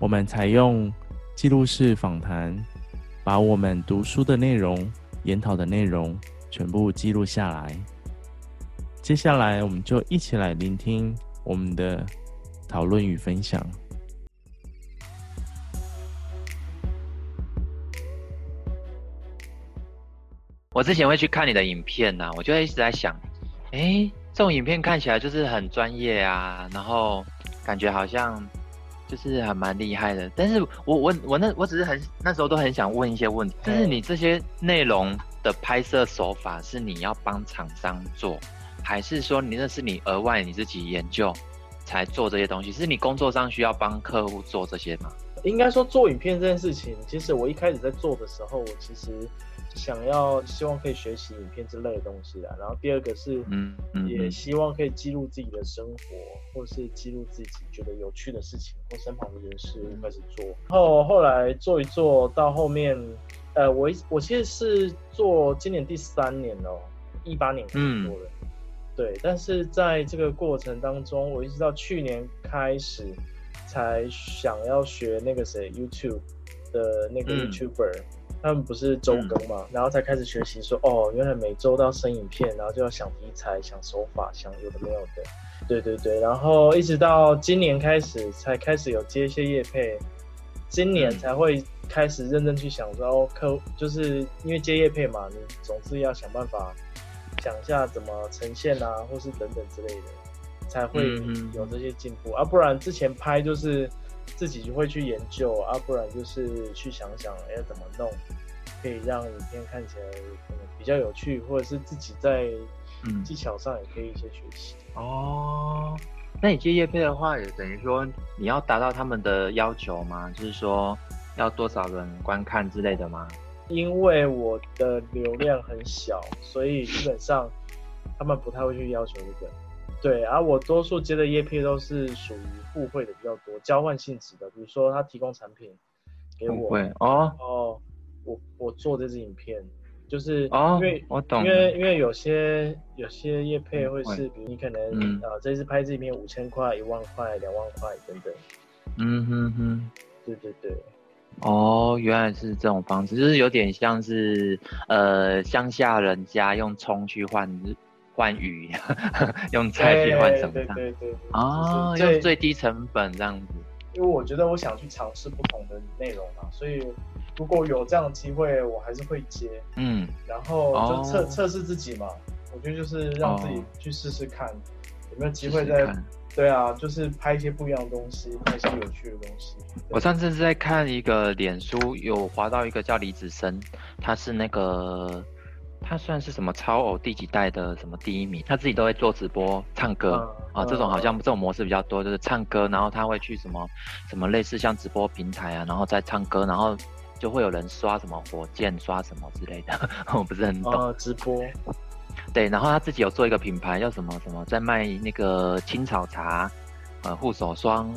我們採用記錄式訪談，把我們讀書的內容、研討的內容全部記錄下來。接下來，我們就一起來聆聽我們的討論與分享。我之前會去看你的影片啊，我就一直在想，哎、欸，這種影片看起來就是很專業啊，然後感覺好像。就是還蠻厲害的，但是我我我那我只是很那時候都很想問一些問題，就是你這些內容的拍攝手法是你要幫廠商做，還是說你那是你額外你自己研究才做這些東西，是你工作上需要幫客戶做這些嗎？應該說做影片這件事情，其實我一開始在做的時候，我其實。想要希望可以學習影片之類的東西的、啊，然後第二個是，嗯，也希望可以記錄自己的生活，嗯嗯、或是記錄自己覺得有趣的事情或身旁的人事物開始做，然後後來做一做到後面，呃，我我其實是做今年第三年嘍、喔，一八年開始做的，嗯、對，但是在這個過程當中，我一直到去年開始才想要學那個誰 YouTube 的那個 YouTuber、嗯。他們不是周更嘛，嗯、然後才開始學習說哦，原來每周到生影片，然後就要想題材、想手法、想有的沒有的，對對對。然後一直到今年開始才開始有接一些業配，今年才會開始認真去想說，客、嗯、就是因為接業配嘛，你總是要想辦法想一下怎麼呈現啊，或是等等之類的，才會有這些進步。嗯嗯，啊，不然之前拍就是。自己就會去研究，啊，不然就是去想想，哎、欸，怎麼弄可以讓影片看起來可能比較有趣，或者是自己在技巧上也可以一些學習、嗯。哦，那你接業配的話，也等於說你要達到他們的要求嗎？就是說要多少人觀看之類的嗎？因為我的流量很小，所以基本上他們不太會去要求這個。對而、啊、我多數接的業配都是屬於互惠的比較多，交換性質的。比如說他提供產品給我，哦哦，我我做這支影片，就是因為、哦、我懂，因為因為有些有些業配會是，會比如你可能、嗯、啊，這次拍這裡面五千塊、一萬塊、兩萬塊等等。嗯哼哼，對對對。哦，原來是這種方式，就是有點像是呃，鄉下人家用蔥去換。換魚，用菜品換什麼？對，對對對，啊，用最低成本這樣子。因為我覺得我想去嘗試不同的內容嘛，所以如果有這樣的機會，我還是會接。嗯，然後就測測試自己嘛，我覺得就是讓自己去試試看、哦、有沒有機會再。試試。對啊，就是拍一些不一樣的東西，拍一些有趣的東西。我上次是在看一個臉書，有滑到一個叫李子生，他是那個。他算是什麼超偶第幾代的什麼第一名？他自己都會做直播唱歌、嗯、啊，這種好像、嗯、這種模式比較多，就是唱歌，然後他會去什麼什麼類似像直播平台啊，然後再唱歌，然後就會有人刷什麼火箭刷什麼之類的，我不是很懂。嗯、直播。對，然後他自己有做一個品牌，叫什麼什麼，在賣那個青草茶，呃、嗯，護手霜，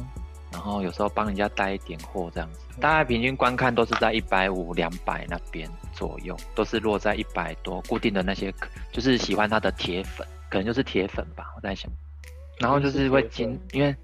然後有時候幫人家帶一點貨這樣子，大概平均觀看都是在一百五兩百那邊。左右都是落在一百多，固定的那些，就是喜歡他的鐵粉，可能就是鐵粉吧。我在想，然後就是會聽，因為，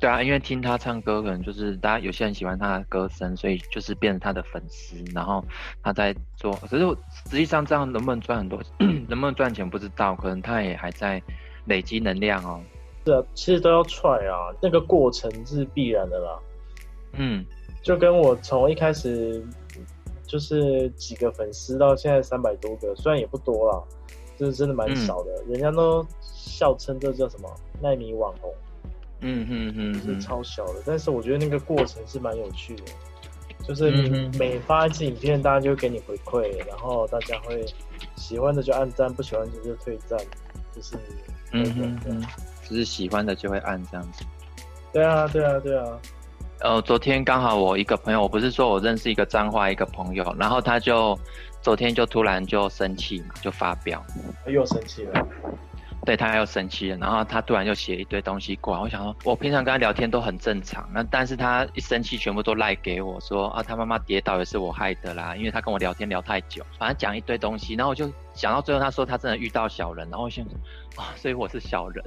對啊，因為聽他唱歌，可能就是大家有些人喜歡他的歌聲，所以就是變成他的粉絲。然後他在做，可是我實際上這樣能不能賺很多， 能不能賺錢不知道，可能他也還在累積能量哦。是啊，其實都要 try 啊，那個過程是必然的啦。嗯，就跟我從一開始。就是幾個粉絲，到現在三百多個，雖然也不多了，就是真的蠻少的。嗯、人家都笑稱這叫什麼“奈米網紅”嗯哼哼哼。嗯嗯嗯，是超小的。但是我覺得那個過程是蠻有趣的，就是每、嗯、哼每發一次影片，大家就會給你回饋，然後大家會喜歡的就按讚，不喜歡的就退讚，就是你嗯嗯嗯，對對對啊、就是喜歡的就會按這樣子。對啊，對啊，對啊。呃，昨天剛好我一個朋友，我不是說我認識一個髒話一個朋友，然後他就昨天就突然就生氣嘛，就發飆，又、哎、生氣了。對，他又生氣了，然後他突然就寫一堆東西過來。我想說，我平常跟他聊天都很正常，那但是他一生氣，全部都賴給我說啊，他媽媽跌倒也是我害的啦，因為他跟我聊天聊太久，反正講一堆東西，然後我就想到最後，他說他真的遇到小人，然後我想，啊、哦，所以我是小人。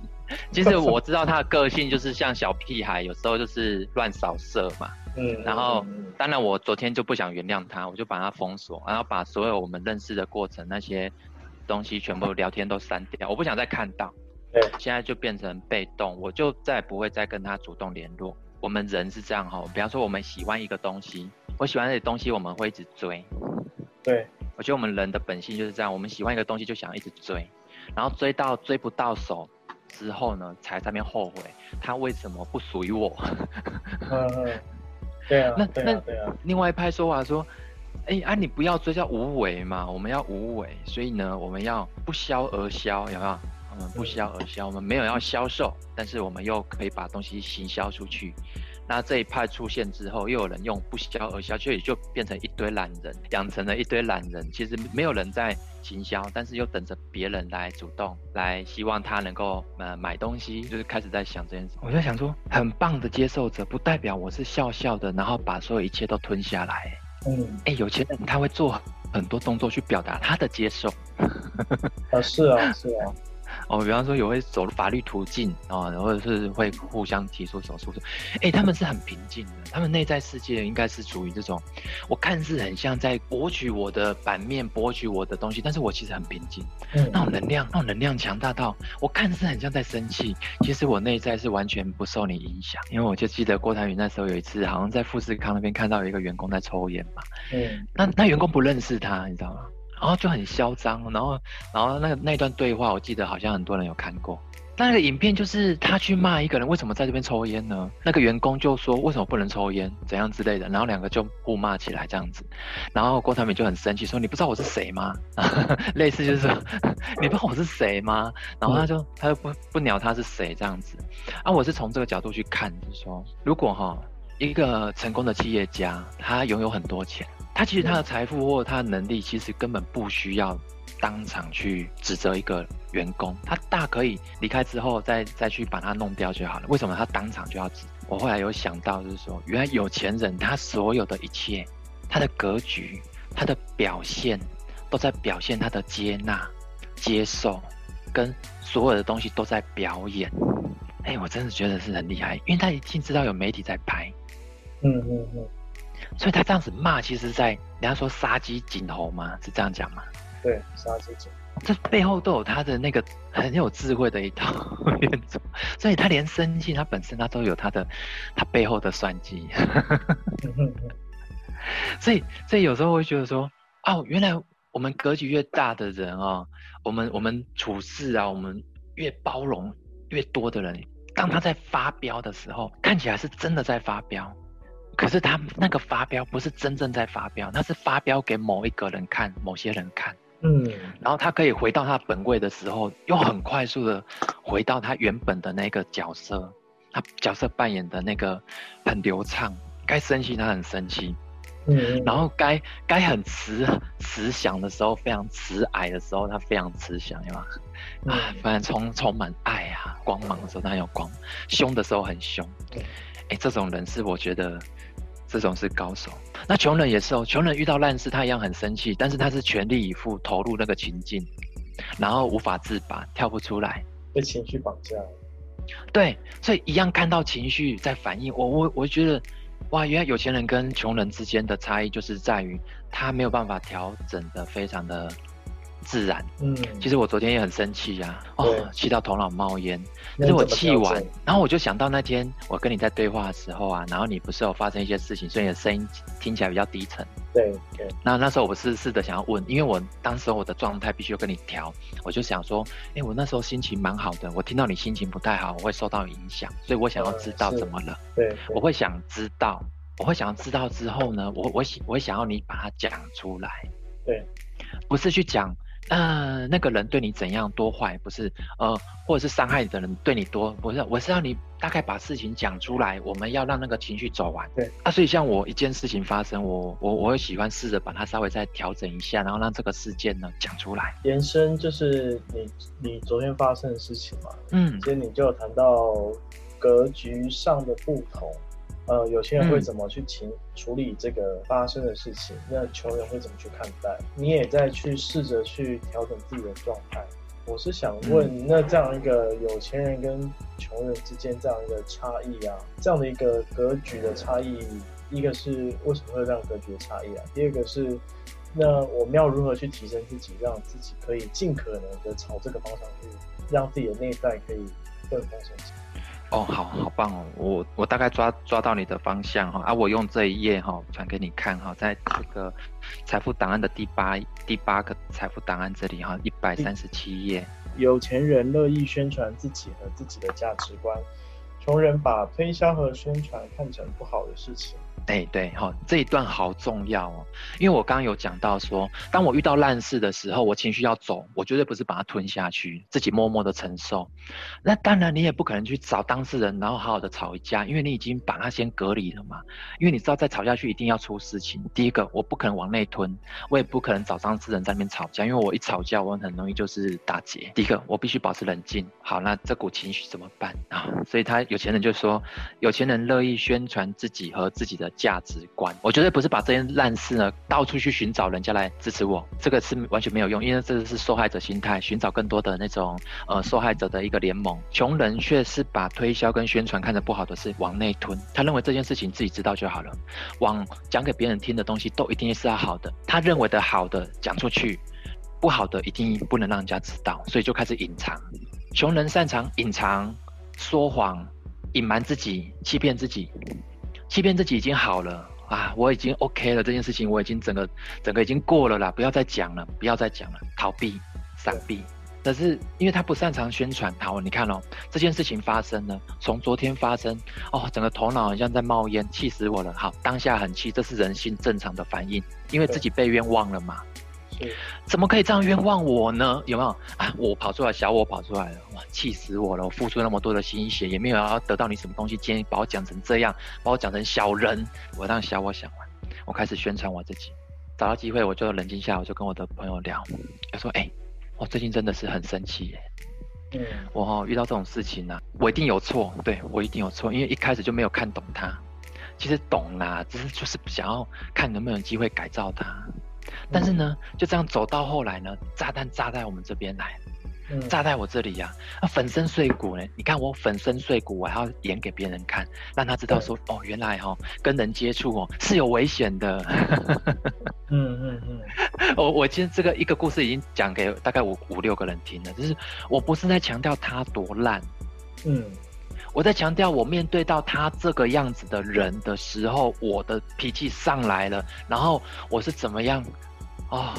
其實我知道他的個性就是像小屁孩，有時候就是亂掃射嘛。嗯，然後嗯嗯嗯當然我昨天就不想原諒他，我就把他封鎖，然後把所有我們認識的過程那些。東西全部聊天都刪掉，我不想再看到。對，現在就變成被動，我就再也不會再跟他主動聯絡。我們人是這樣哈、哦，比方說我們喜歡一個東西，我喜歡些東西我們會一直追。對，我覺得我們人的本性就是這樣，我們喜歡一個東西就想一直追，然後追到追不到手之後呢，才上面後悔他為什麼不屬於我。 對、啊、對、啊。那對、啊對啊、那另外一派說話說。哎、欸、啊，你不要追叫無為嘛，我們要無為，所以呢，我們要不銷而銷，有沒有？我們不銷而銷，我們沒有要銷售，但是我們又可以把東西行銷出去。那這一派出現之後，又有人用不銷而銷，就也就變成一堆懶人，養成了一堆懶人。其實沒有人在行銷，但是又等着別人來主動來，希望他能夠呃買東西，就是開始在想這件事。我就在想說，很棒的接受者，不代表我是笑笑的，然後把所有一切都吞下來。嗯，哎、欸，有錢人他會做很多動作去表達他的接受。啊、 哦，是啊，是啊。哦，比方說有會走法律途徑啊，然後是會互相提出手術訴訟，哎，他們是很平靜的，他們內在世界應該是處於這種，我看似很像在博取我的版面，博取我的東西，但是我其實很平靜，嗯，那種能量，那種能量強大到我看似很像在生氣，其實我內在是完全不受你影響，因為我就記得郭台銘那時候有一次，好像在富士康那邊看到有一個員工在抽菸嘛，嗯，那那員工不認識他，你知道嗎？然後就很囂張，然後，然後那個那段對話，我記得好像很多人有看過。那個影片，就是他去罵一個人，為什麼在這邊抽菸呢？那個員工就說，為什麼不能抽菸，怎樣之類的，然後兩個就互罵起來這樣子。然後郭台銘就很生氣說，你不知道我是誰嗎？ 類似就是說，你不知道我是誰嗎？然後他就他就不不鳥他是誰這樣子。啊，我是從這個角度去看，就是說，如果哈、哦、一個成功的企業家，他擁有很多錢。他其實他的財富或者他的能力，其實根本不需要當場去指責一個員工，他大可以離開之後再再去把他弄掉就好了。為什麼他當場就要指？我後來有想到，就是說，原來有錢人他所有的一切，他的格局、他的表現，都在表現他的接納、接受，跟所有的東西都在表演。哎，我真的覺得是很厲害，因為他已經知道有媒體在拍。嗯嗯嗯。所以他這樣子罵，其實在人家說殺雞儆猴嗎？是這樣講嗎？對，殺雞儆猴。這背後都有他的那個很有智慧的一套 所以他連生氣，他本身他都有他的他背後的算計。 所以，所以有時候我會覺得說，哦，原來我們格局越大的人啊、哦，我們我們處事啊，我們越包容越多的人。當他在發飆的時候，看起來是真的在發飆。可是他那個發飆不是真正在發飆，那是發飆給某一個人看、某些人看。嗯，然後他可以回到他本位的時候，又很快速的回到他原本的那個角色，他角色扮演的那個很流暢。該生氣他很生氣，嗯，然後該該很慈慈祥的時候，非常慈愛的時候，他非常慈祥，有沒有？嗯、啊，反正充充滿愛啊，光芒的時候他有光，嗯、凶的時候很凶。對。哎，這種人是我覺得，這種是高手。那窮人也是哦，窮人遇到爛事，他一樣很生氣，但是他是全力以赴投入那個情境，然後無法自拔，跳不出來，被情緒綁架。對，所以一樣看到情緒在反應。我我我覺得，哇，原來有錢人跟窮人之間的差異就是在於他沒有辦法調整的非常的。自然，嗯，其實我昨天也很生氣呀，啊，對哦，氣到頭腦冒煙。但是我氣完，然後我就想到那天我跟你在對話的時候啊，然後你不是有發生一些事情，所以你的聲音聽起來比較低沉。對，那那時候我是試着想要問，因為我當時我的狀態必須要跟你調，我就想說，哎，欸，我那時候心情蠻好的，我聽到你心情不太好，我會受到影響，所以我想要知道、嗯、怎麼了。對，對我會想知道，我會想要知道之後呢，我我想，我會想要你把它講出來。對，不是去講。呃，那個人對你怎樣多壞不是？呃，或者是傷害你的人對你多不是？我是讓你大概把事情講出來，我們要讓那個情緒走完。對啊，所以像我一件事情發生，我我我會喜歡試着把它稍微再調整一下，然後讓這個事件呢講出來。延伸就是你你昨天發生的事情嘛？嗯，所以你就有談到格局上的不同。呃，有錢人會怎麼去情處理這個發生的事情？嗯、那窮人會怎麼去看待？你也在去試着去調整自己的狀態。我是想問，嗯、那這樣一個有錢人跟窮人之間這樣一個差異啊，這樣的一個格局的差異，嗯、一個是為什麼會有這樣格局的差異啊？第二個是，那我們要如何去提升自己，讓自己可以盡可能的朝這個方向去，讓自己的內在可以更豐盛。哦，好，好棒哦！我我大概抓抓到你的方向哈，啊，我用這一頁哈傳給你看哈，在這個財富檔案的第八第八個財富檔案這裡哈，一百三十七頁，有錢人樂意宣傳自己和自己的價值觀，窮人把推銷和宣傳看成不好的事情。哎、欸，對，好，這一段好重要哦，因為我剛剛有講到說，當我遇到爛事的時候，我情緒要走，我絕對不是把它吞下去，自己默默的承受。那當然，你也不可能去找當事人，然後好好的吵一架，因為你已經把它先隔離了嘛。因為你知道，再吵下去，一定要出事情。第一個，我不可能往內吞，我也不可能找當事人在那邊吵架，因為我一吵架，我很容易就是打結。第一個，我必須保持冷靜。好，那這股情緒怎麼辦啊？所以他有錢人就說，有錢人樂意宣傳自己和自己的。價值觀，我絕對不是把這件爛事呢到處去尋找人家來支持我，這個是完全沒有用，因為這是受害者心態，尋找更多的那種呃受害者的一個聯盟。窮人卻是把推銷跟宣傳看成不好的事往內吞，他認為這件事情自己知道就好了，往講給別人聽的東西都一定是要好的，他認為的好的講出去，不好的一定不能讓人家知道，所以就開始隱藏。窮人擅長隱藏、說謊、隱瞞自己、欺騙自己。欺騙自己已經好了啊，我已經 OK 了，這件事情我已經整個整個已經過了啦，不要再講了，不要再講了，逃避、閃避。對可是因為他不擅長宣傳，好，你看哦，這件事情發生了，從昨天發生，哦，整個頭腦好像在冒煙，氣死我了。好，當下很氣，這是人性正常的反應，因為自己被冤枉了嘛。嗯、怎麼可以這樣冤枉我呢？有沒有啊？我跑出來，小我跑出來了，哇！氣死我了！我付出那麼多的心血，也沒有要得到你什麼東西，竟然把我講成這樣，把我講成小人！我讓小我想完，我開始宣傳我自己，找到機會我就冷靜下，我就跟我的朋友聊，就說：“哎、欸，我最近真的是很生氣、欸，嗯我、哦，我遇到這種事情呢、啊，我一定有錯，對我一定有錯，因為一開始就沒有看懂他，其實懂啦，只是就是想要看能不能有機會改造他。”但是呢，嗯、就這樣走到後來呢，炸彈炸在我們這邊來，嗯、炸在我這裡呀、啊，啊，粉身碎骨呢、欸？你看我粉身碎骨，我還要演給別人看，讓他知道說，對哦，原來哦，跟人接觸哦是有危險的。嗯嗯 嗯。嗯嗯我我其實這個一個故事已經講給大概五五六個人聽了，就是我不是在強調他多爛，嗯。我在強調，我面對到他這個樣子的人的時候，我的脾氣上來了，然後我是怎麼樣？哦，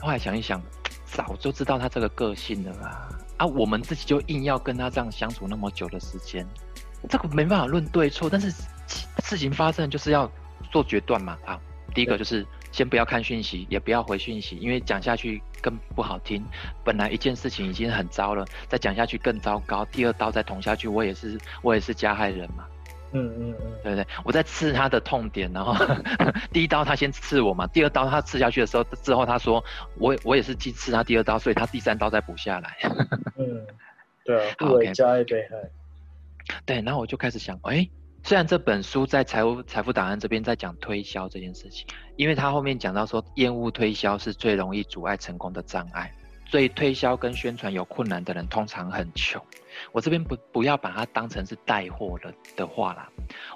後來想一想，早就知道他這個個性了啊！啊，我們自己就硬要跟他這樣相處那麼久的時間，這個沒辦法論對錯，但是事情發生就是要做決斷嘛！啊，第一個就是。先不要看訊息，也不要回訊息，因為講下去更不好聽。本來一件事情已經很糟了，再講下去更糟糕。第二刀再捅下去，我也是我也是加害人嘛。嗯嗯嗯，嗯嗯對不對？我在刺他的痛點，然後 第一刀他先刺我嘛，第二刀他刺下去的時候之後他說我我也是去刺他第二刀，所以他第三刀再補下來。 嗯，對啊。好，OK。加對，然後我就開始想，哎。雖然這本書在財務財富檔案這邊在講推銷這件事情，因為他後面講到說，厭惡推銷是最容易阻礙成功的障礙，所以推銷跟宣傳有困難的人通常很窮。我這邊不不要把它當成是帶貨了的話啦，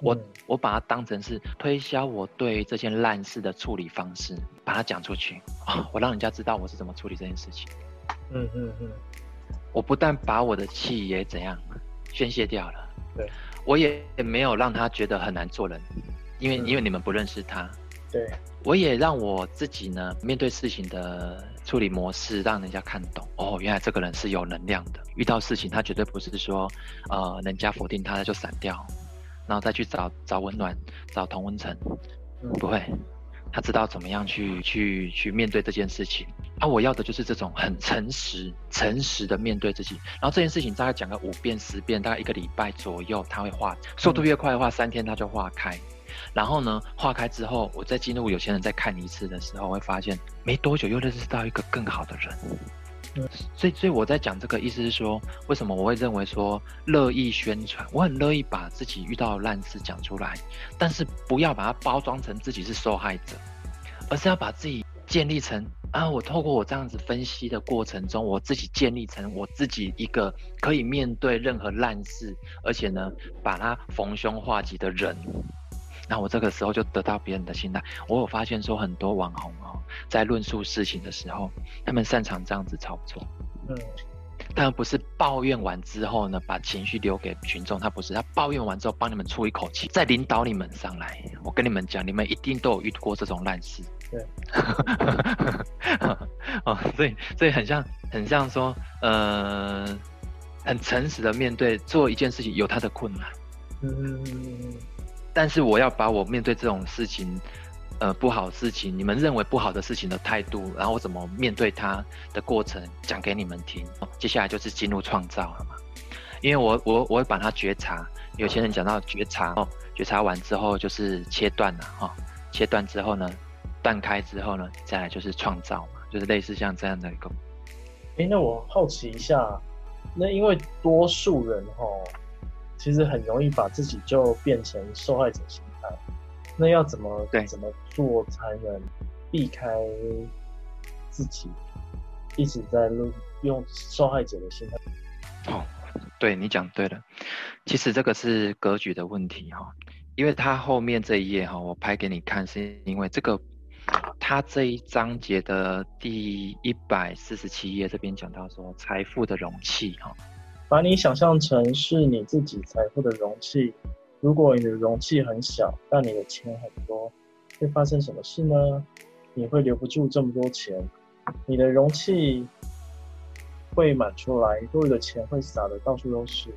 我、嗯、我把它當成是推銷我對這些爛事的處理方式，把它講出去啊、哦，我讓人家知道我是怎麼處理這件事情。嗯嗯嗯，嗯嗯我不但把我的氣也怎樣宣洩掉了，對。我也沒有讓他覺得很難做人，因為、嗯、因為你們不認識他。對，我也讓我自己呢，面對事情的處理模式，讓人家看懂。哦，原來這個人是有能量的，遇到事情他絕對不是說，呃，人家否定他，他就散掉，然後再去找找溫暖，找同溫層。不會，他知道怎麼樣去、嗯、去去面對這件事情。啊，我要的就是這種很誠實、誠實的面對自己。然後這件事情大概講個五遍、十遍，大概一個禮拜左右，他會化。速度越快的話，三天他就化開。然後呢，化開之後，我再進入有錢人再看一次的時候，會發現沒多久又認識到一個更好的人。所以，所以我在講這個意思是說，為什麼我會認為說樂意宣傳，我很樂意把自己遇到的爛事講出來，但是不要把它包裝成自己是受害者，而是要把自己。建立成啊，我透過我這樣子分析的過程中，我自己建立成我自己一個可以面對任何爛事，而且呢，把它逢凶化吉的人。那我這個時候就得到別人的信賴，我有發現說，很多網紅哦，在論述事情的時候，他們擅長這樣子操作。嗯。他不是抱怨完之後呢，把情緒留給群眾。他不是，他抱怨完之後幫你們出一口氣，再領導你們上來。我跟你們講，你們一定都有遇過這種爛事。對、。 哦，所以所以很像很像說，呃，很誠實的面對做一件事情有他的困難。嗯、但是我要把我面對這種事情。呃，不好的事情，你們認為不好的事情的態度，然後我怎麼面對它的過程，講給你們聽。哦、接下來就是進入創造了嘛，因為我我我會把它覺察。有些人講到覺察哦，覺察完之後就是切斷了哈、哦，切斷之後呢，斷開之後呢，再來就是創造嘛，就是類似像這樣的一個。誒，那我好奇一下，那因為多數人哈、哦，其實很容易把自己就變成受害者型。那要怎麼對怎麼做才能避開自己一直在用受害者的心態？哦，對你講對了，其實這個是格局的問題哈、哦，因為它後面這一頁哈、哦，我拍給你看是因為這個，它這一章節的第一百四十七頁這邊講到說，財富的容器哈、哦，把你想象成是你自己財富的容器。如果你的容器很小，但你的錢很多，會發生什麼事呢？你會留不住這麼多錢，你的容器會滿出來，多餘的錢會撒得到處都是。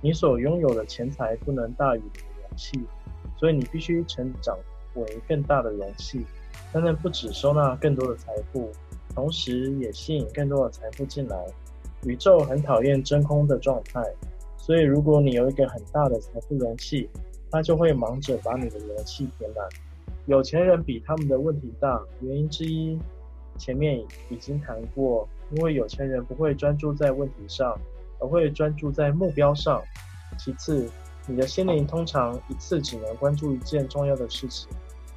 你所擁有的錢財不能大於你的容器，所以你必須成長為更大的容器，才能不只收納更多的財富，同時也吸引更多的財富進來。宇宙很討厭真空的狀態。所以，如果你有一個很大的財富容器，他就會忙着把你的容器填滿。有錢人比他們的問題大，原因之一，前面已經談過，因為有錢人不會專注在問題上，而會專注在目標上。其次，你的心靈通常一次只能關注一件重要的事情，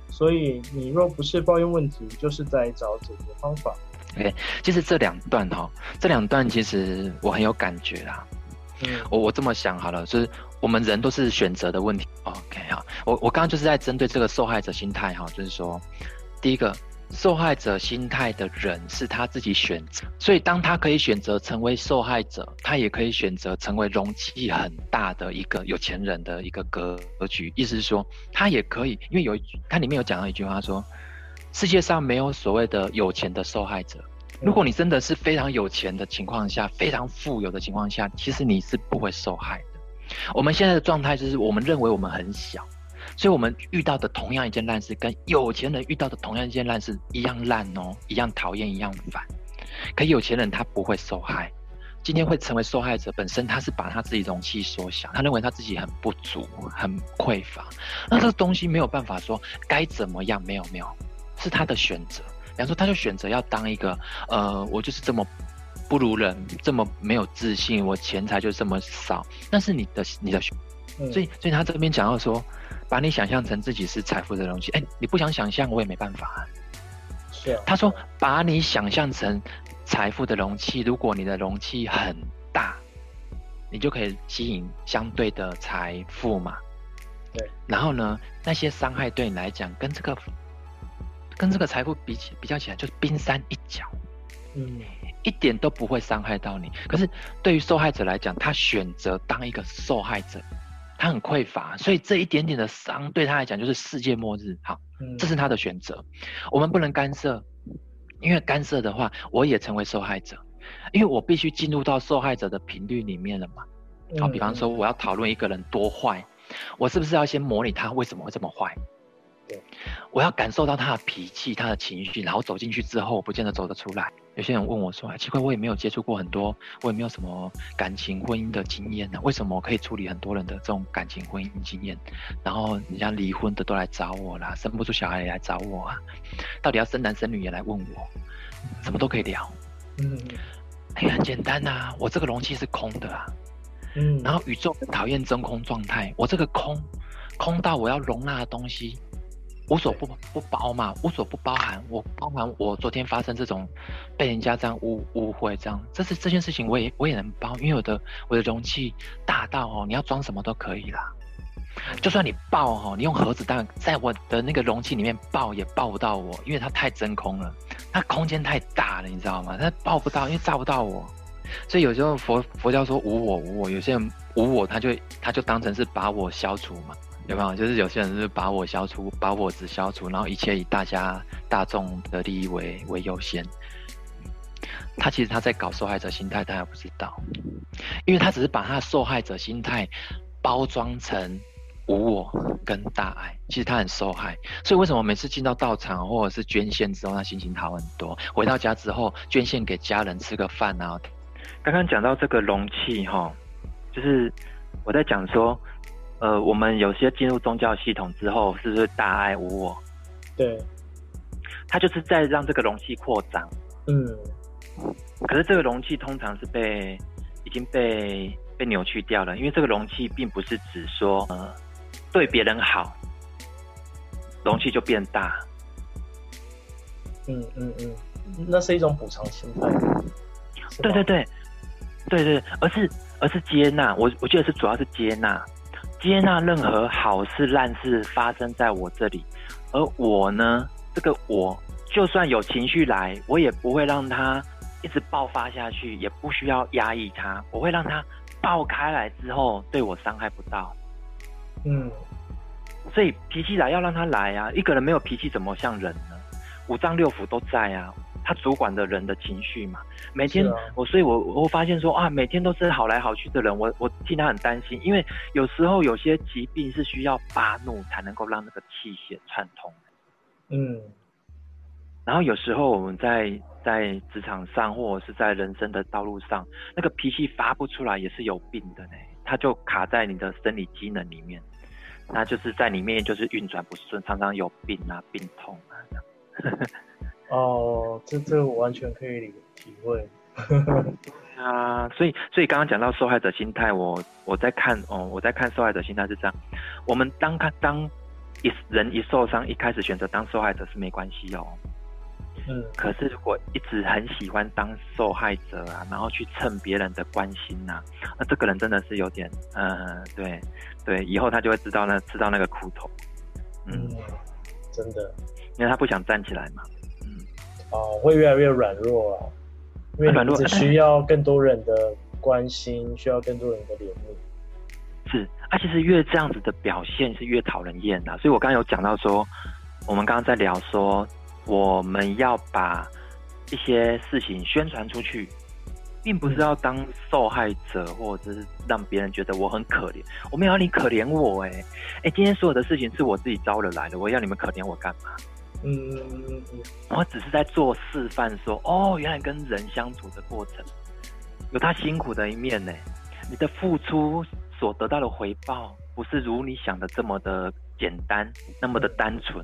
所以你若不是抱怨問題，就是在找解決方法。OK，其實這兩段哈，這兩段其實我很有感覺啦。我、嗯、我這麼想好了，就是我們人都是選擇的問題。OK，好，我我剛剛就是在針對這個受害者心態哈，就是說，第一個受害者心態的人是他自己選擇，所以當他可以選擇成為受害者，他也可以選擇成為容器很大的一個有錢人的一個格局。意思是說，他也可以，因為有一句他裡面有講到一句話說，世界上沒有所謂的有錢的受害者。如果你真的是非常有錢的情況下，非常富有的情況下，其實你是不會受害的。我們現在的狀態就是我們認為我們很小，所以我們遇到的同樣一件爛事，跟有錢人遇到的同樣一件爛事一樣爛哦，一樣討厭，一樣煩。可有錢人他不會受害，今天會成為受害者本身，他是把他自己容器縮小，他認為他自己很不足，很匱乏。那這個東西沒有辦法說該怎麼樣，沒有沒有，是他的選擇。比方說，他就選擇要當一個，呃，我就是這麼不如人，這麼沒有自信，我錢財就這麼少。那是你的你的，嗯、所以所以他這邊講到說，把你想象成自己是財富的容器。哎、欸，你不想想象，我也沒辦法、啊。是啊。他說，把你想象成財富的容器，如果你的容器很大，你就可以吸引相對的財富嘛。對。然後呢，那些傷害對你來講，跟這個。跟這個財富比起比較起來，就是冰山一角，嗯，一點都不會傷害到你。可是對於受害者來講，他選擇當一個受害者，他很匱乏，所以這一點點的傷對他來講就是世界末日。好，嗯，這是他的選擇，我們不能干涉，因為干涉的話，我也成為受害者，因為我必須進入到受害者的頻率裡面了嘛。好，比方說我要討論一個人多壞，我是不是要先模擬他為什麼會這麼壞？Yeah. 我要感受到他的脾氣、他的情緒，然後走進去之後，我不見得走得出來。有些人問我說：“奇怪，我也沒有接觸過很多，我也沒有什麼感情婚姻的經驗、啊，為什麼我可以處理很多人的這種感情婚姻經驗？然後人家離婚的都來找我啦，生不出小孩也來找我啊，到底要生男生女也來問我，mm hmm. 什麼都可以聊。嗯、mm，hmm. 哎，很簡單吶、啊，我這個容器是空的啊，嗯、mm，hmm. 然後宇宙很討厭真空狀態，我這個空，空到我要容納的東西。”無所不不包嘛，無所不包含。我包含我昨天發生這種被人家這樣誤誤會這樣，這是這件事情我也我也能包，因為我的我的容器大到哦、喔，你要裝什麼都可以啦。就算你爆哦、喔，你用盒子彈在我的那個容器裡面爆也爆不到我，因為它太真空了，它空間太大了，你知道嗎？它爆不到，因為炸不到我。所以有時候佛佛教說無我無我，有些人無我他就他就當成是把我消除嘛。有沒有？就是有些人是把我消除，把我只消除，然後一切以大家大眾的利益為為優先，嗯。他其實他在搞受害者心態，他還不知道，因為他只是把他受害者心態包裝成無我跟大愛。其實他很受害。所以為什麼每次進到道場或者是捐獻之後，他心情好很多？回到家之後，捐獻給家人吃個飯啊。剛剛講到這個容器哈，就是我在講說。呃，我們有些進入宗教系統之後，是不是大愛無我？對，他就是在讓這個容器擴張。嗯，可是這個容器通常是被已經被被扭曲掉了，因為這個容器並不是只說呃對別人好，容器就變大。嗯嗯嗯，那是一種補償心態。是嗎？對對對，對對，對，而是而是接納。我我覺得是主要是接納。接納任何好事、爛事發生在我這裡，而我呢，這個我就算有情緒來，我也不會讓它一直爆發下去，也不需要壓抑它，我會讓它爆開來之後對我傷害不到。嗯，所以脾氣來要讓它來啊！一個人沒有脾氣怎麼像人呢？五臟六腑都在啊。他主管的人的情緒嘛，每天我，啊、所以我我發現說啊，每天都是好來好去的人，我我替他很擔心，因為有時候有些疾病是需要發怒才能夠讓那個氣血串通。嗯，然後有時候我們在在職場上，或者是在人生的道路上，那個脾氣發不出來也是有病的呢，他就卡在你的生理機能裡面，那就是在裡面就是運轉不順，常常有病啊，病痛啊這樣。 哦。這這我完全可以理體會。 啊，所以所以剛剛講到受害者心態，我我在看哦，我在看受害者心態是這樣：我們當他當一人一受傷，一開始選擇當受害者是沒關係哦。嗯。可是如果一直很喜歡當受害者啊，然後去蹭別人的關心吶，啊，那這個人真的是有點嗯，對對，以後他就會知道那知道那個苦頭。嗯，嗯。真的。因為他不想站起來嘛。哦，會越來越軟弱啊，因為只需要更多人的關心，啊、需要更多人的憐憫。是，啊，其實越這樣子的表現是越討人厭啊。所以我剛才有講到說，我們剛剛在聊說，我們要把一些事情宣傳出去，並不是要當受害者，或者是讓別人覺得我很可憐。我沒有要你可憐我，欸，哎、欸、哎，今天所有的事情是我自己招惹來的，我要你們可憐我幹嘛？嗯，嗯嗯嗯，我只是在做示範，說，哦，原來跟人相處的過程有他辛苦的一面呢。你的付出所得到的回報，不是如你想的這麼的簡單，那麼的單純。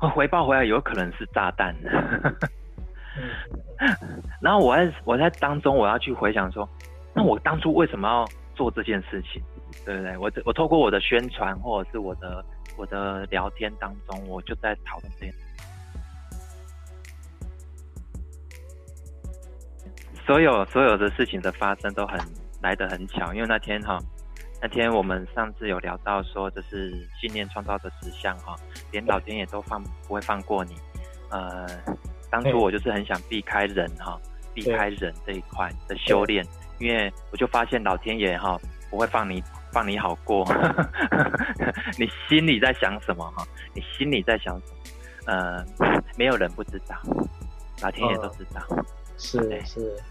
我回報回來有可能是炸彈。嗯、 然後我在我在當中，我要去回想說，那我當初為什麼要做這件事情？對不對？我我透過我的宣傳，或者是我的。我的聊天當中，我就在討論這些。所有所有的事情的發生都很來得很巧，因為那天哈、啊，那天我們上次有聊到說，這是信念創造的實相哈，連老天爺都放不會放過你。呃，當初我就是很想避開人哈，避開人這一塊的修煉，因為我就發現老天爺哈不會放你。幫你好過，呵呵 你心裡在想什麼？哈，你心裡在想什麼？呃，沒有人不知道，老天爺都知道。是、嗯、是。因為、欸是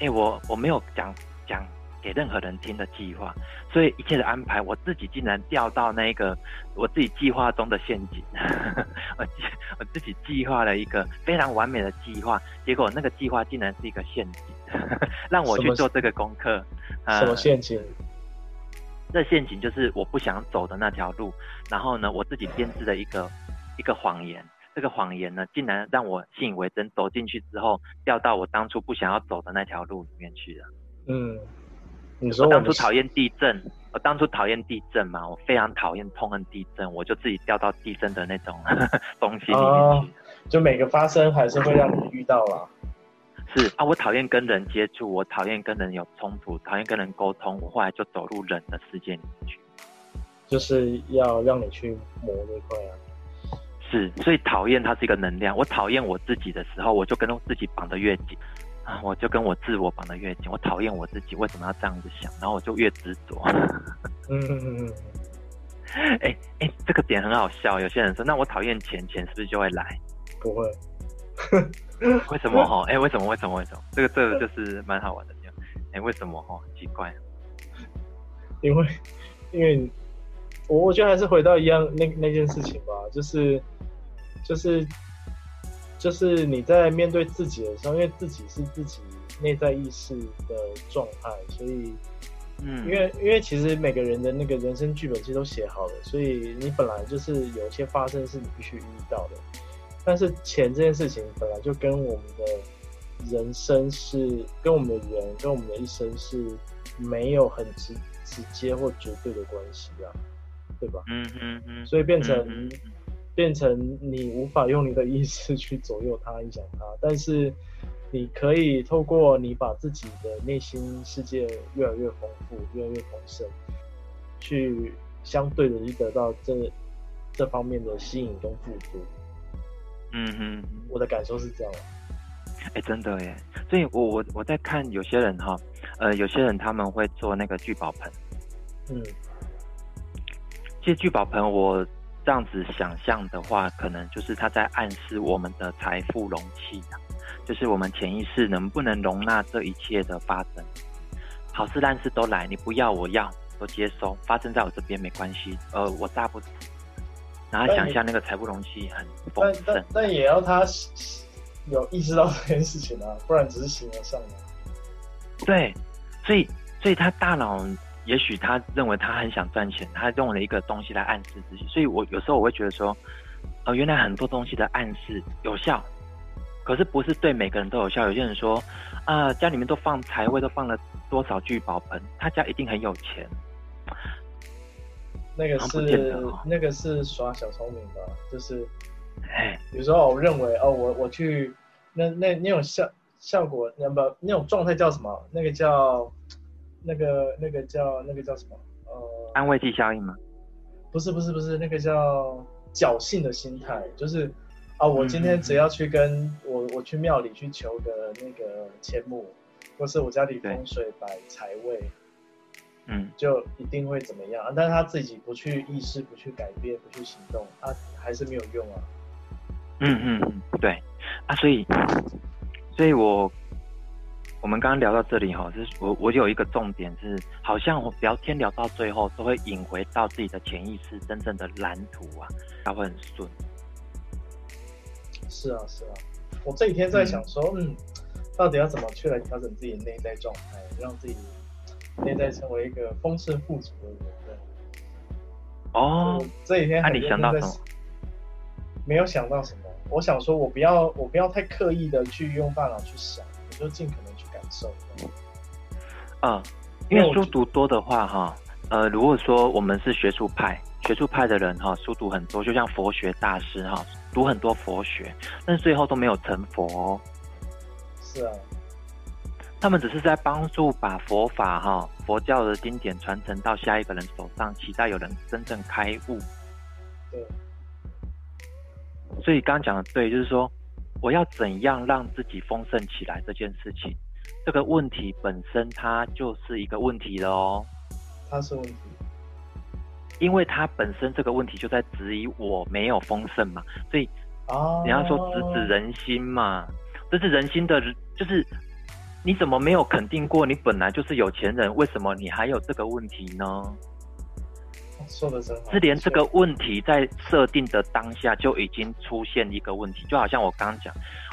欸、我我沒有講講給任何人聽的計劃，所以一切的安排，我自己竟然掉到那個我自己計劃中的陷阱。呵呵，我我自己計劃了一個非常完美的計劃，結果那個計劃竟然是一個陷阱，讓我去做這個功課。什麼，呃、什麼陷阱？這陷阱就是我不想走的那條路，然後呢，我自己編織了一個、嗯、一個謊言，這個謊言呢，竟然讓我信以為真，走進去之後，掉到我當初不想要走的那條路裡面去了。嗯，你說我，我當初討厭地震，我當初討厭地震嘛，我非常討厭痛恨地震，我就自己掉到地震的那種 東西裡面去，Oh, 就每個發生還是會讓你遇到了。 是啊，我討厭跟人接觸，我討厭跟人有衝突，討厭跟人溝通，後來就走入人的世界裡面去。就是要讓你去磨這塊啊。是，所以討厭它是一個能量，我討厭我自己的時候，我就跟自己綁得越緊啊，我就跟我自我綁得越緊。我討厭我自己，為什麼要這樣子想？然後我就越執着、 嗯。嗯嗯嗯嗯、欸欸。這個點很好笑。有些人說，那我討厭錢，錢是不是就會來？不會。 為什麼哦？哎、欸，為什麼？為什麼？為什麼？這個，這個就是蠻好玩的這樣。哎、欸，為什麼哦？奇怪，因為，因為，我我覺得還是回到一樣那那件事情吧，就是，就是，就是你在面對自己的時候，因為自己是自己內在意識的狀態，所以，嗯，因為，因為其實每個人的那個人生劇本其實都寫好了，所以你本來就是有一些發生是你必須遇到的。但是錢這件事情本來就跟我們的人生是，跟我們的人跟我們的一生是沒有很直直接或絕對的關係啊，對吧？嗯嗯、所以變成、嗯、哼變成你無法用你的意識去左右它，影響它，但是你可以透過你把自己的內心世界越來越豐富，越來越豐盛，去相對的去得到這這方面的吸引跟富足。嗯哼，嗯，我的感受是這樣的。哎、欸，真的耶！所以我我我在看有些人哈、哦，呃，有些人他們會做那個聚寶盆。嗯，其實聚寶盆我這樣子想象的話，可能就是它在暗示我們的財富容器、啊，就是我們潛意識能不能容納這一切的發生，好事爛事都來，你不要我要都接收，發生在我這邊沒關係。呃，我大不死。然後想一下那個財富容器很豐盛但但，但也要他有意識到這件事情啊，不然只是形而上的。對，所以所以他大腦也許他認為他很想賺錢，他用了一個東西來暗示自己。所以我有時候我會覺得說，呃，原來很多東西的暗示有效，可是不是對每個人都有效。有些人說啊、呃，家裡面都放財位，都放了多少聚寶盆，他家一定很有錢。那個是、啊、那個是耍小聰明吧，就是，哎嘿，有時候我認為哦，我我去，那那那種效效果，那不那種狀態叫什麼？那個叫，那個那個叫那個叫什麼？呃，安慰劑效應嗎？不是不是不是，那個叫僥幸的心態，就是啊、哦，我今天只要去跟我、嗯、我去廟裡去求個那個籤木，或是我家裡風水擺財位。嗯，就一定會怎麼樣？嗯、但是他自己不去意識、不去改變、不去行動，他還是沒有用啊。嗯嗯嗯，對。啊，所以，所以我，我們剛剛聊到這裡哈，就是我我有一個重點是，好像我聊天聊到最後都會引回到自己的潛意識真正的藍圖啊，他會很順。是啊是啊，我這幾天在想說，嗯、嗯，到底要怎麼去來調整自己的內在狀態，讓自己。現在成為一個豐盛富足的人，哦、oh, 呃，這幾天想，啊、你想到什麼？沒有想到什麼。我想說，我不要，我不要太刻意的去用大腦去想，我就盡可能去感受。啊、嗯，因為書讀多的話，哈、哦，呃，如果說我們是學術派，學術派的人，哈、哦，書讀很多，就像佛學大師，哈、哦，讀很多佛學，但是最後都沒有成佛，哦。是啊。他們只是在幫助把佛法和佛教的經典傳承到下一個人手上，期待有人真正開悟。對。所以剛，剛講的對，就是說我要怎樣讓自己豐盛起來這件事情，這個問題本身它就是一個問題了哦。它是問題。因為它本身這個問題就在質疑我沒有豐盛嘛，所以啊，你要、哦、說直指、指人心嘛，這是人心的，就是。你怎麼沒有肯定過你本來就是有錢人？為什麼你還有這個問題呢？說得真好，是連這個問題在設定的當下就已經出現一個問題。就好像我剛講，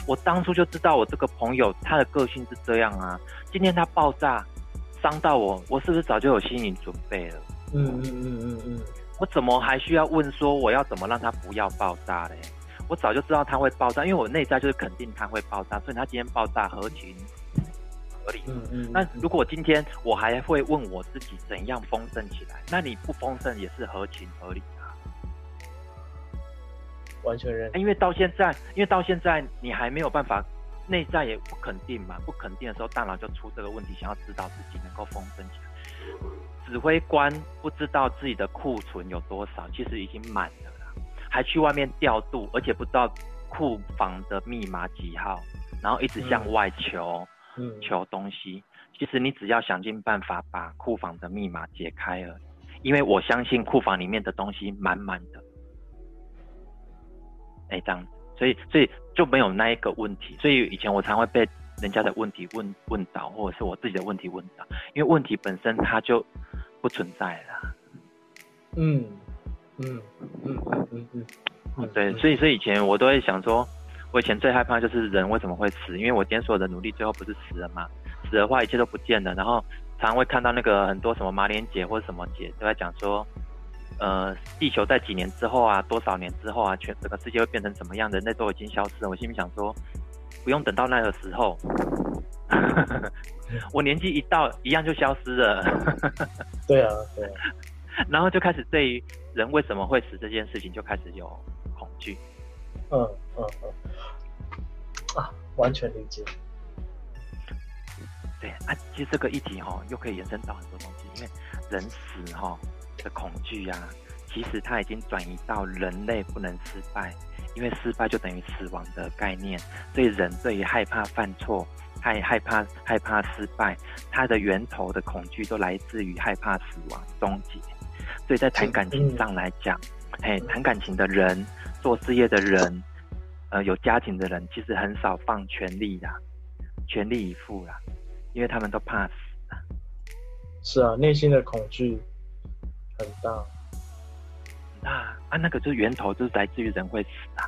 我當初就知道我這個朋友他的個性是這樣啊。今天他爆炸，傷到我，我是不是早就有心理準備了？嗯嗯嗯嗯嗯。我怎麼還需要問說我要怎麼讓他不要爆炸嘞？我早就知道他會爆炸，因為我內在就是肯定他會爆炸，所以他今天爆炸合情。嗯嗯，那如果今天我還會問我自己怎樣豐盛起來？那你不豐盛也是合情合理的，啊。完全認，欸。因為到現在，因為到現在你還沒有辦法，內在也不肯定嘛，不肯定的時候，大腦就出這個問題，想要知道自己能夠豐盛起來。指揮官不知道自己的庫存有多少，其實已經滿了了，還去外面調度，而且不知道庫房的密碼幾號，然後一直向外求。嗯求東西，其實你只要想盡辦法把庫房的密碼解開而已，因為我相信庫房裡面的東西滿滿的。哎，這樣，所以，所以就沒有那一個問題，所以以前我常會被人家的問題問問到，或者是我自己的問題問到，因為問題本身它就不存在了。嗯，嗯，嗯嗯嗯，嗯嗯對，所以，所以以前我都會想說。我以前最害怕的就是人為什麼會死，因為我今天所有的努力最後不是死了嗎？死的話一切都不見了。然後常常會看到那個很多什麼馬連杰或者什麼杰都在講說，呃，地球在幾年之後啊，多少年之後啊，全整個世界會變成什麼樣？人類都已經消失了。我心裡想說，不用等到那個時候， 我年紀一到一樣就消失了。 對啊，對啊。然後就開始對於人為什麼會死這件事情就開始有恐懼。嗯嗯嗯，啊，完全理解。對啊，其實這個議題哈、哦，又可以延伸到很多東西，因為人死哈、哦、的恐懼呀、啊，其實它已經轉移到人類不能失敗，因為失敗就等於死亡的概念。所以人，對於害怕犯錯、害害怕害怕失敗，它的源頭的恐懼都來自於害怕死亡終結。所以在談感情上來講，嗯、嘿，談感情的人。嗯做事業的人，呃，有家庭的人，其實很少放全力啦，全力以赴啦，因為他們都怕死。是啊，內心的恐懼很大。很大啊，那個就是源頭，就是來自於人會死啊。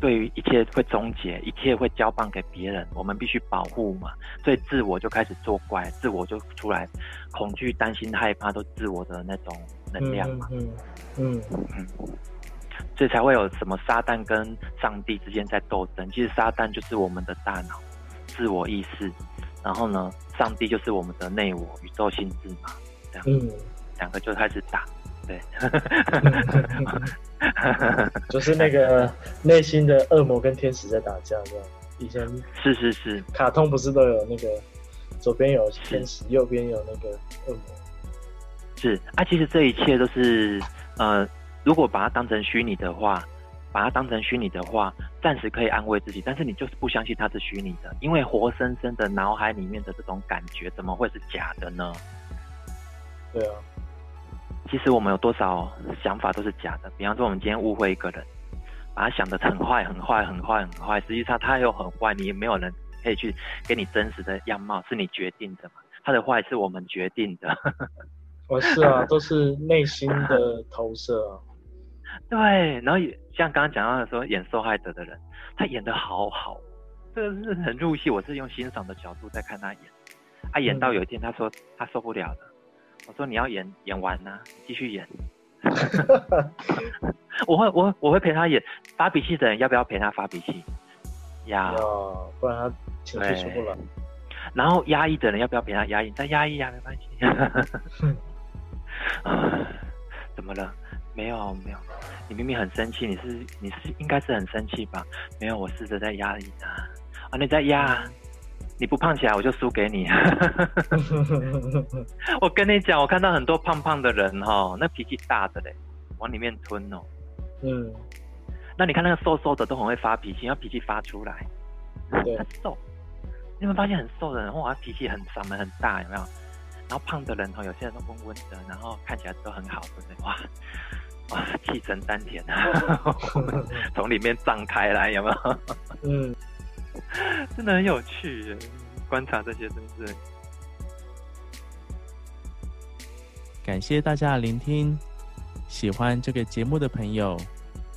對於一切會終結，一切會交棒給別人，我們必須保護嘛，所以自我就開始作怪，自我就出來，恐懼、擔心、害怕，都自我的那種能量嘛，嗯嗯嗯，嗯嗯，所以才會有什麼撒旦跟上帝之間在鬥爭，其實撒旦就是我們的大腦、自我意識，然後呢，上帝就是我們的內我、宇宙心智嘛，這樣，嗯、兩個就開始打，對。 就是那個呃、內心的惡魔跟天使在打架的。以前是是是，卡通不是都有那個是是是左邊有天使，是右邊有那個惡魔？是啊，其實這一切都是呃，如果把它當成虛擬的話，把它當成虛擬的話，暫時可以安慰自己，但是你就是不相信它是虛擬的，因為活生生的腦海裡面的這種感覺，怎麼會是假的呢？對啊。其實我們有多少想法都是假的，比方說我們今天誤會一個人，把他想的很壞、很壞、很壞、很壞，實際上他又很壞，你也沒有人可以去給你真實的樣貌，是你決定的嘛。他的壞是我們決定的，我、 哦、是啊，都是內心的投射啊。 對，然後也像剛剛講到的說，演受害者的人，他演的好好，這個是很入戲，我是用欣賞的角度在看他演。他、啊、演到有一天，他說他受不了了。嗯我說，你要演，演完呢？、啊，你繼續演。 我會我我會陪他演。發脾氣的人要不要陪他發脾氣？呀、哦，不然情緒受不了。然後壓抑的人要不要陪他壓抑？再壓抑呀、啊，沒關係 哼、啊。怎麼了？沒有沒有，你明明很生氣，你是你是，你是應該是很生氣吧？沒有，我試着在壓抑啊，啊，你在壓。你不胖起來，我就輸給你。 我跟你講，我看到很多胖胖的人、喔、那脾氣大的嘞，往裡面吞哦、喔。嗯。那你看那個瘦瘦的都很會發脾氣，然後脾氣發出來。對。瘦，你有沒有發現很瘦的人，哇，脾氣很嗓門很大，有沒有？然後胖的人哈、喔，有些人都溫溫的，然後看起來都很好，對不對，哇哇氣沉丹田，從裡面脹開來，有沒有？嗯。 真的很有趣，觀察這些，是不是？感謝大家的聆聽。喜歡這個節目的朋友，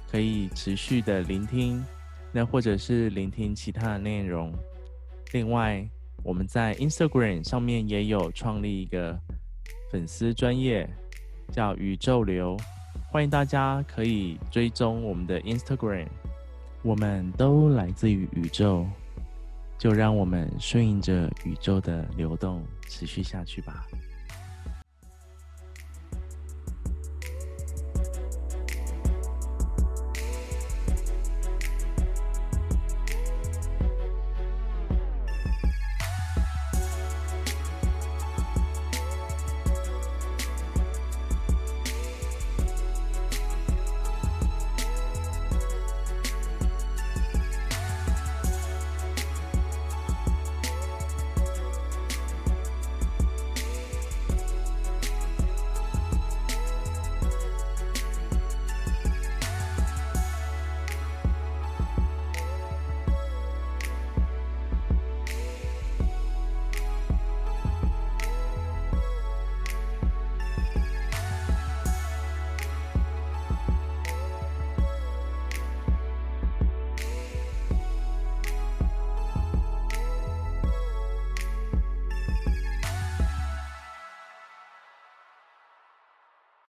可以持續的聆聽，那或者是聆聽其他的內容。另外，我們在 Instagram 上面也有創立一個粉絲專頁，叫宇宙流，歡迎大家可以追蹤我們的 Instagram。我們都來自於宇宙，就讓我們順應着宇宙的流動，持續下去吧。